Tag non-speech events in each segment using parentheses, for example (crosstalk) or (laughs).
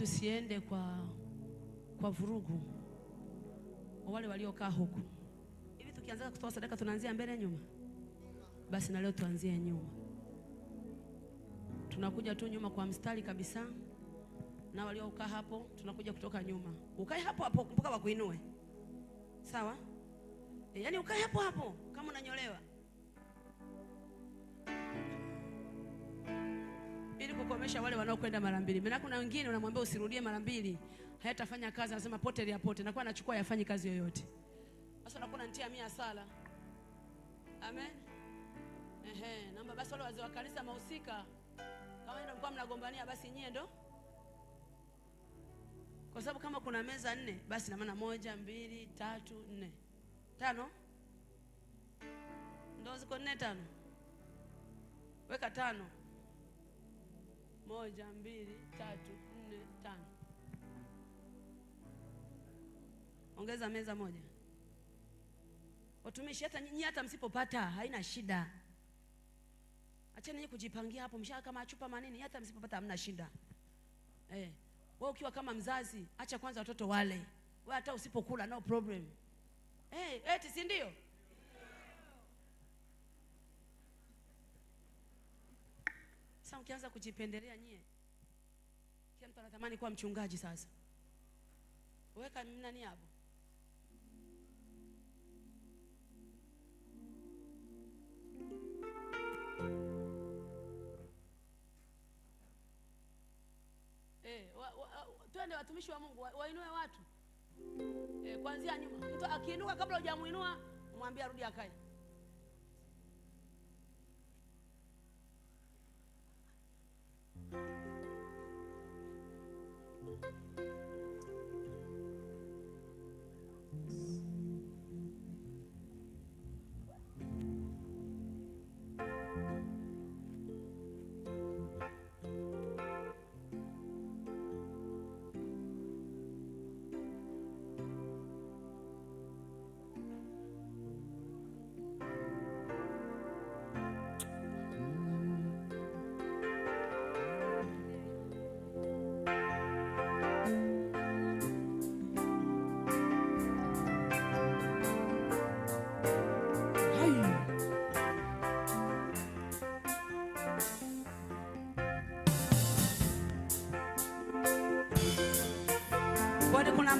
tusiende kwa, kwa vurugu wale waliokaa huku. Hivi tukianza kutoa sadaka tunaanzia mbele nyuma? Basi na leo tuanzie nyuma, tunakuja tu nyuma kwa mstari kabisa, na waliokaa hapo tunakuja kutoka nyuma. Ukae hapo hapo, mpaka wakuinue, sawa? E, yaani ukae hapo hapo kama unanyolewa ili kukomesha wale wanaokwenda mara mbili. Maana kuna wengine unamwambia usirudie mara mbili, hayatafanya kazi, anasema pote ya pote, nakuwa anachukua yafanye kazi yoyote. Sasa nakuwa unanitia mia sala. Amen. Ehe, naomba basi wale wazee wa kanisa mahusika, kama ndio mlikuwa mnagombania, basi nyie ndo kwa sababu kama kuna meza nne basi na maana moja, mbili, tatu, nne, tano, ndo ziko nne, tano, weka tano moja, mbili, tatu, nne, tano. Ongeza meza moja. Watumishi, hata nyinyi hata msipopata haina shida, acha ninyi kujipangia hapo, mshaka kama chupa manini, hata msipopata hamna shida eh. Wewe ukiwa kama mzazi, acha kwanza watoto wale, wewe hata usipokula no problem eh, eti si ndio? Sasa mkianza kujipendelea nyie, kila mtu anatamani kuwa mchungaji. Sasa weka nani hapo? Eh, twende watumishi wa Mungu wainue watu eh, kwanzia nyuma. Mtu akiinuka kabla hujamuinua mwambie arudi akae. Bye.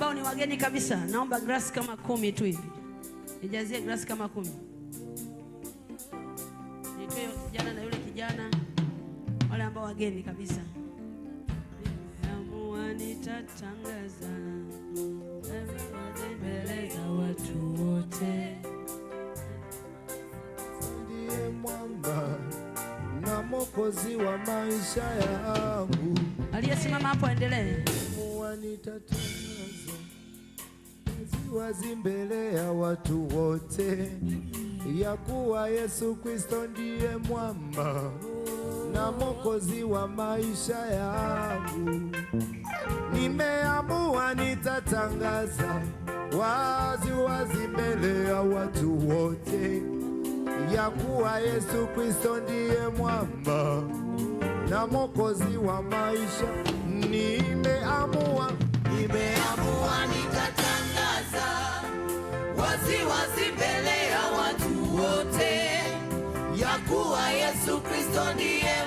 ambao ni wageni kabisa, naomba grasi kama kumi tu hivi, nijazie grasi kama kumi. Nitoe kijana na yule kijana, wale ambao wageni kabisa. Nimeamua nitatangaza mbele za watu wote, ndiye mwamba na mwokozi wa maisha yangu. Aliyesimama hapo aendelee wazi mbele ya watu wote ya kuwa Yesu Kristo ndiye mwamba na mwokozi wa maisha yangu. Nimeamua nitatangaza wazi wazi mbele ya watu wote ya kuwa Yesu Kristo ndiye mwamba na mwokozi wa maisha. Nimeamua, nimeamua kuwa Yesu Kristo ndiye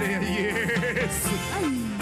レレイエ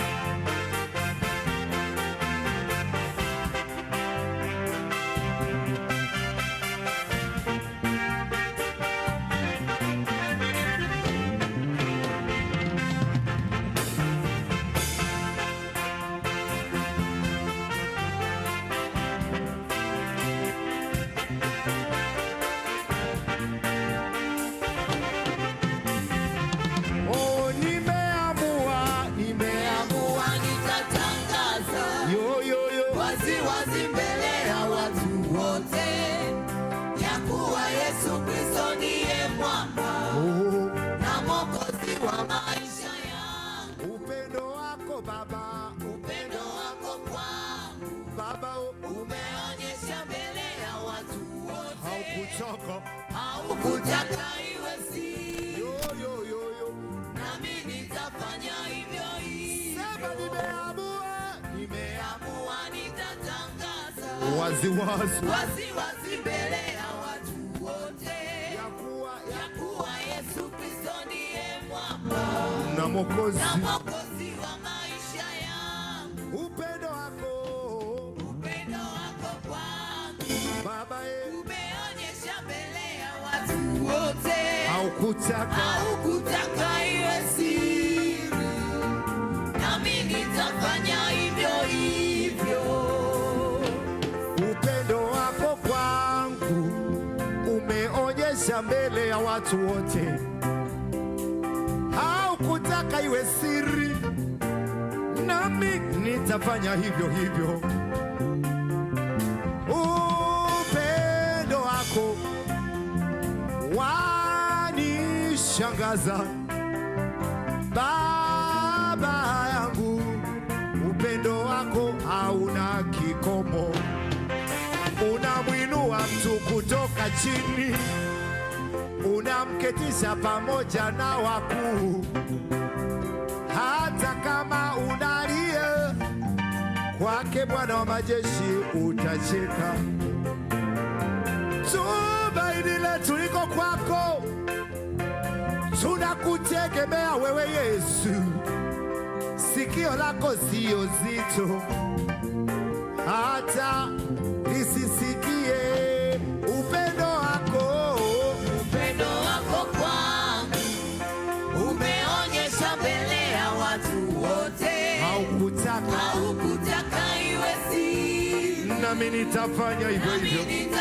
wazi wazi, wazi. kuionyesha mbele ya watu wote. Haukutaka iwe siri, nami nitafanya hivyo hivyo. Upendo wako wanishangaza Baba yangu, upendo wako hauna kikomo, unamwinua mtu kutoka chini unamketisha pamoja na wakuu, hata kama unalia kwake Bwana wa majeshi utacheka. Tumaini letu liko kwako, tunakutegemea wewe Yesu. Sikio lako sio zito hata nitafanya hivyo hivyo.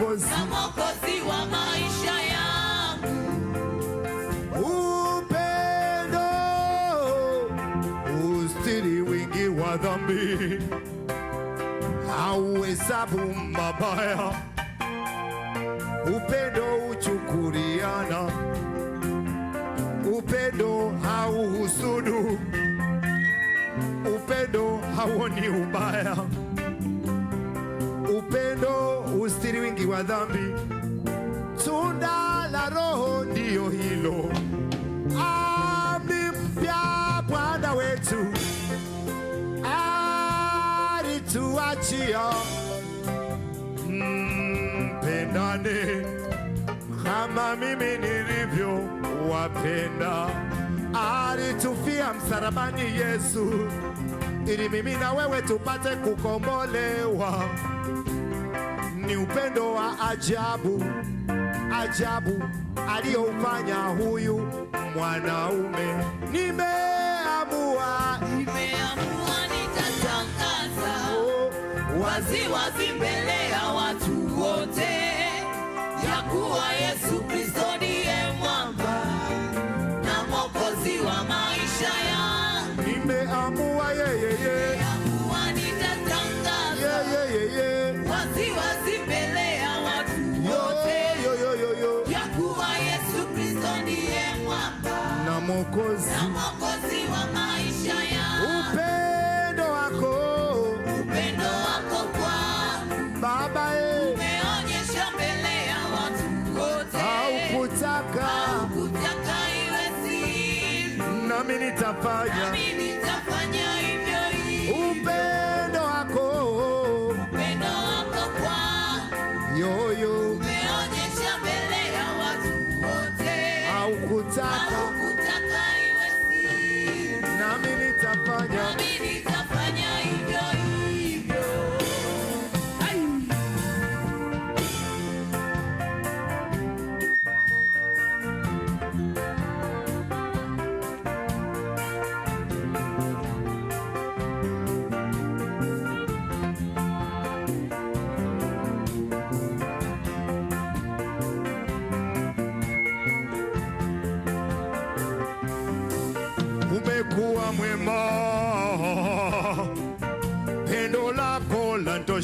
mwokozi wa maisha yangu. Upendo ustiri wingi wa dhambi, hauhesabu mabaya. Upendo uchukuriana, upendo hauhusudu, upendo hauoni ubaya wa dhambi. Tunda la Roho ndiyo hilo, amri mpya Bwana wetu alituachia, mpendane kama mimi nilivyo wapenda. Alitufia msalabani Yesu ili mimi na wewe tupate kukombolewa ni upendo wa ajabu ajabu aliyoufanya huyu mwanaume. Nimeamua, nimeamua nitatangaza oh, wazi mbele ya watu wote ya kuwa Yesu Kristo ndiye mwamba na mwokozi wa maisha yangu. Nimeamua yeah.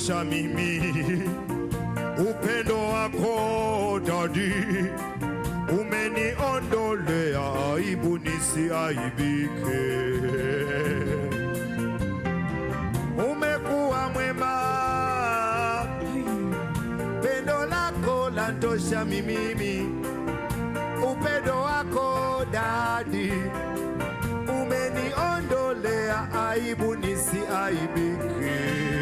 kuniosha mimi, upendo wako dadi umeniondolea aibu nisiaibike. Umekuwa mwema, pendo lako lantosha mimi, upendo wako dadi umeniondolea aibu nisiaibike.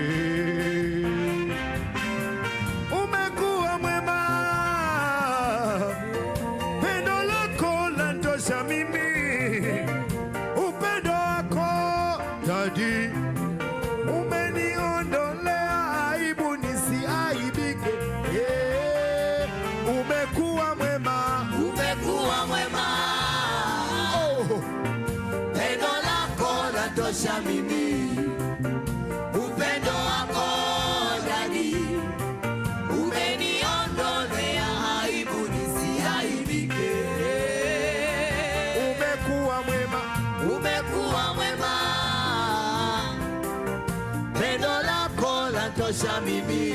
umekuwa mwema, umekuwa mwema, pendo lako la mimi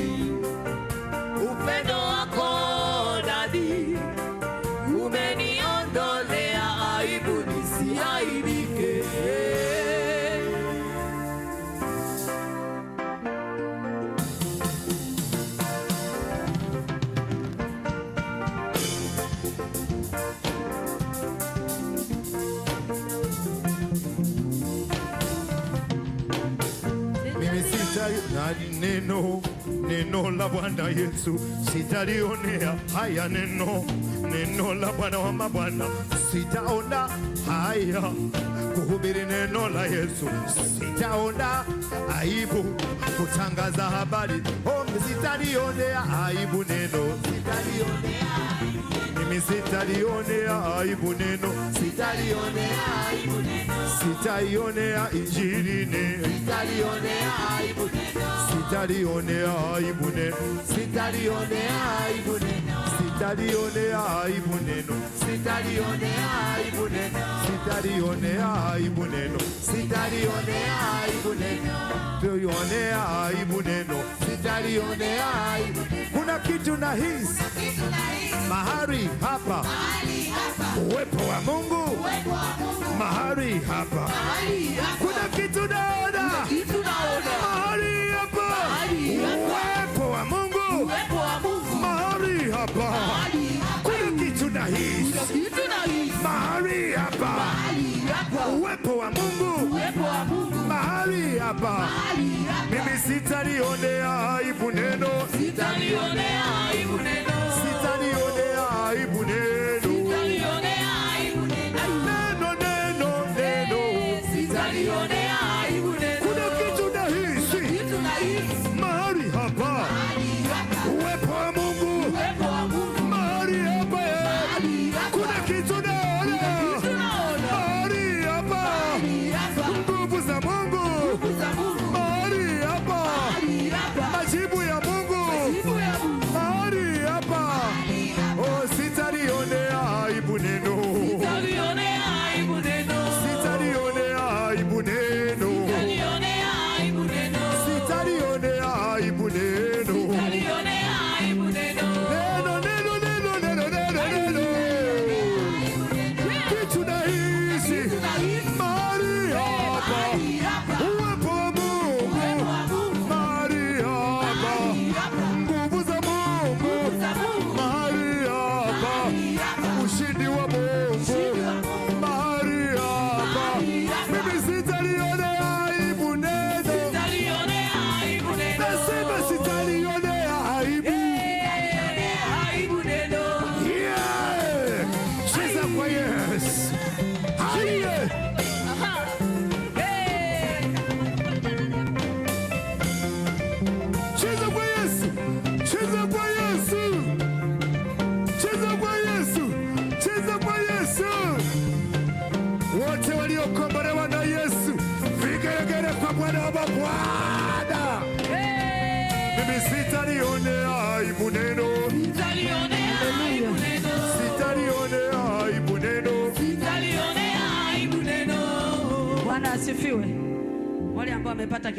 Neno la Bwana Yesu sitalionea haya, neno neno la Bwana wa mabwana sitaona haya kuhubiri neno la Yesu, sitaona aibu kutangaza habari, sitalionea aibu neno, mimi sitalionea aibu neno, sitaionea injili neno, sitalionea aibu neno Sitalionea aibu neno, sitalionea aibu neno, sitalionea aibu neno, Kuna kitu na hisi mahali hapa, uwepo wa Mungu mahali hapa, kuna kitu naona sitalionea aibu neno, sitalionea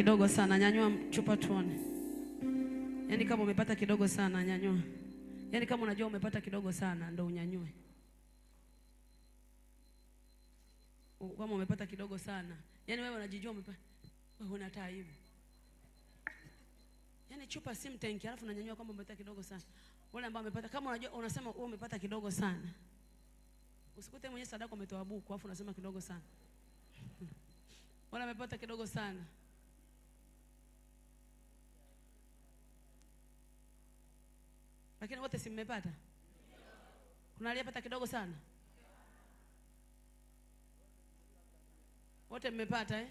kidogo sana, nyanyua chupa tuone. Yaani kama umepata kidogo sana, nyanyua. Yaani kama unajua umepata kidogo sana, ndo unyanyue. Kama umepata kidogo sana, yaani wewe unajijua umepata, wewe una taibu. Yaani chupa sim mtenki, alafu unanyanyua kama umepata kidogo sana. Wale ambao wamepata, kama unajua unasema wewe umepata kidogo sana. Usikute mwenye sadaka umetoa buku, alafu unasema kidogo sana. (laughs) Wale wamepata kidogo sana. Lakini wote si mmepata? Kuna aliyepata kidogo sana? Wote mmepata eh?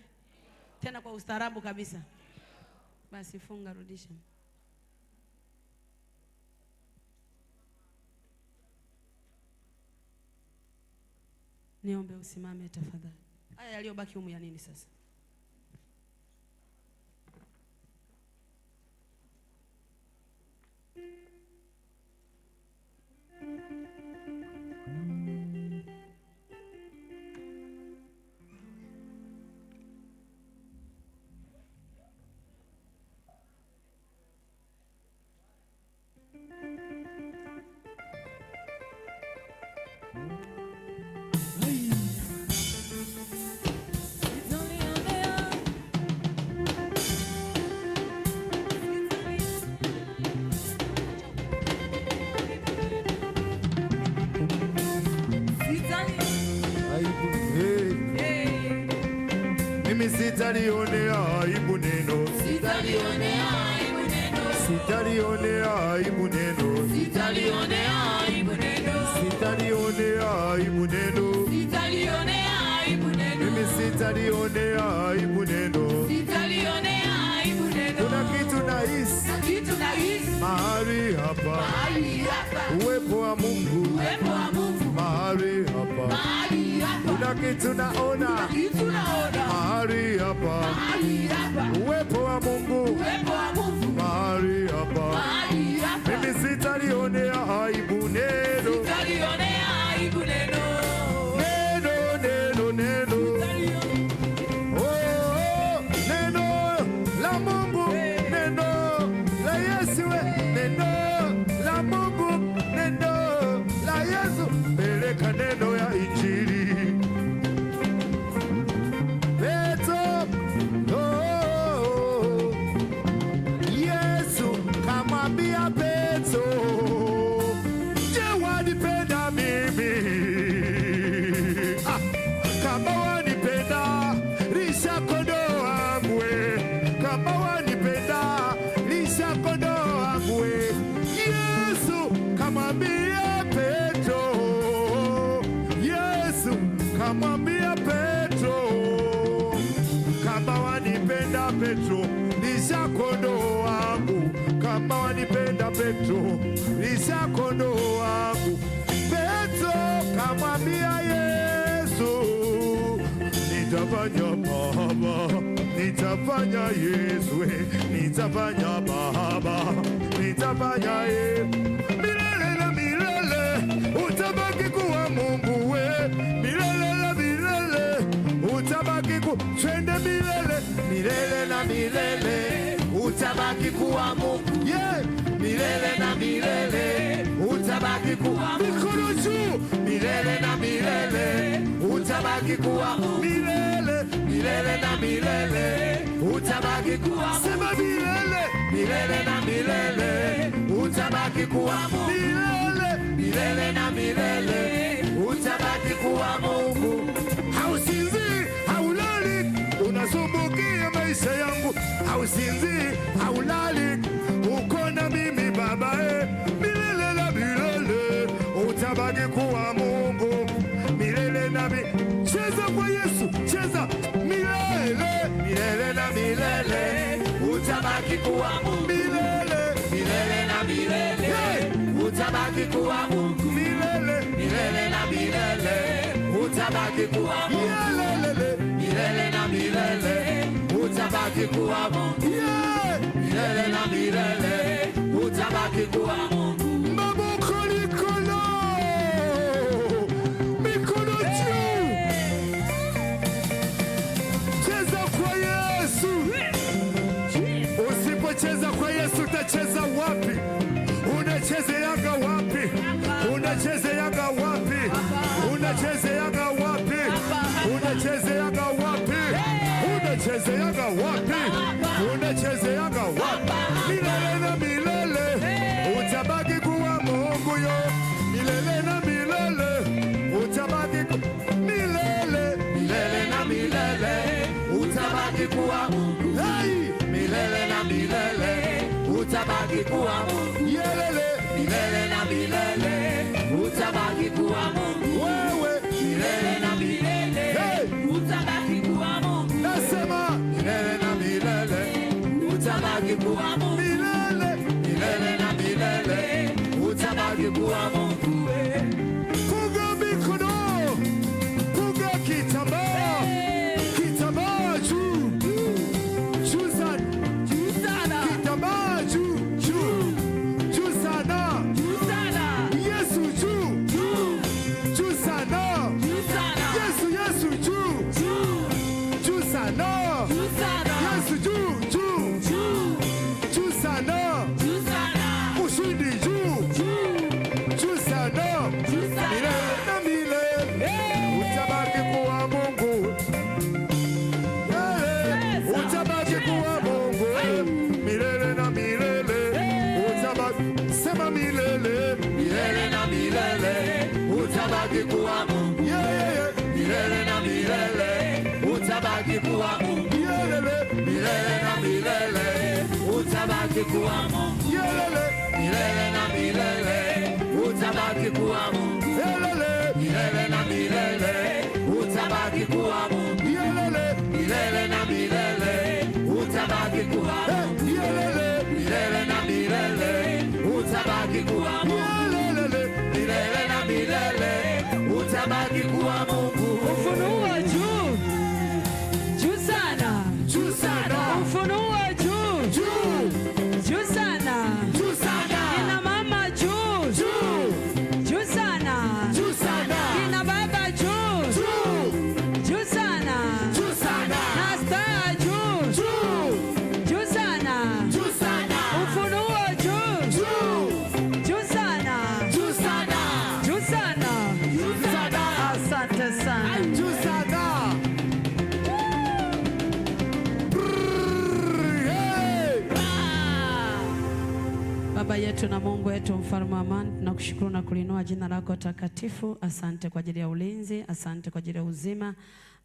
Tena kwa ustaarabu kabisa. Basi funga, rudisha. Niombe usimame tafadhali. Haya yaliyobaki humu ya nini sasa? Sitalionea aibu neno, sitalionea aibu neno, sitalionea aibu neno, mimi sitalionea aibu neno, Kuna kitu nahisi, mahali hapa, wa Mungu, uwepo wa Mungu mahali hapa, mahali kuna kitu naona mahali hapa, uwepo wa Mungu mahali hapa, mimi sitalionea aibu. nitafanya Yesu, eh, nitafanya mahaba, nitafanya ye milele na milele, utabaki kuwa Mungu we eh. milele na milele, utabaki ku twende milele milele na milele, utabaki kuwa Mungu yeah. milele na milele, utabaki kuwa mikono juu milele na milele, utabaki kuwa milele milele na milele utabaki kuwa sema milele milele na milele utabaki kuwa Mungu milele milele na milele utabaki kuwa Mungu. Hausinzii, haulali, unazumbukia maisha yangu. Hausinzii, haulali, uko na mimi Baba, eh. milele na milele utabaki kuwa kuwa milele, milele na milele utabaki kuwa Mungu, milele na milele utabaki kuwa Mungu. Mabuko wapi? Unachezeaga wapi? Unachezeaga wapi? Unacheze 不安。utabaki yelele, milele na milele, utabaki kuamu. kushukuru na kulinua jina lako takatifu. Asante kwa ajili ya ulinzi, asante kwa ajili ya uzima,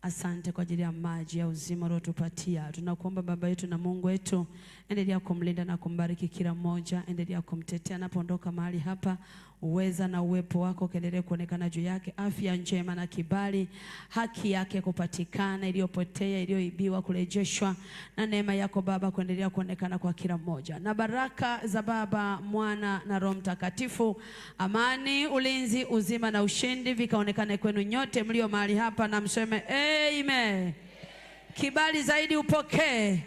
asante kwa ajili ya maji ya uzima uliotupatia. Tunakuomba Baba yetu na Mungu wetu, endelea kumlinda na kumbariki kila mmoja, endelea kumtetea anapoondoka mahali hapa uweza na uwepo wako ukaendelee kuonekana juu yake, afya njema na kibali, haki yake kupatikana, iliyopotea iliyoibiwa kurejeshwa, na neema yako Baba kuendelea kuonekana kwa kila mmoja, na baraka za Baba, Mwana na Roho Mtakatifu, amani, ulinzi, uzima na ushindi vikaonekane kwenu nyote mlio mahali hapa, na mseme amen. Kibali zaidi upokee,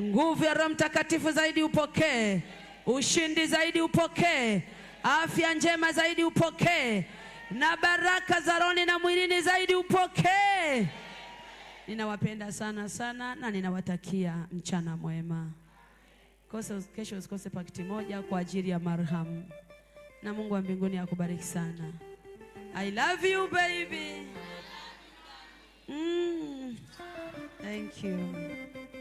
nguvu ya Roho Mtakatifu zaidi upokee, ushindi zaidi upokee afya njema zaidi upokee, na baraka za rohoni na mwilini zaidi upokee. Ninawapenda sana sana na ninawatakia mchana mwema. Kosa kesho usikose pakiti moja kwa ajili ya marhamu, na Mungu wa mbinguni akubariki sana. I love you baby. Mm. Thank you.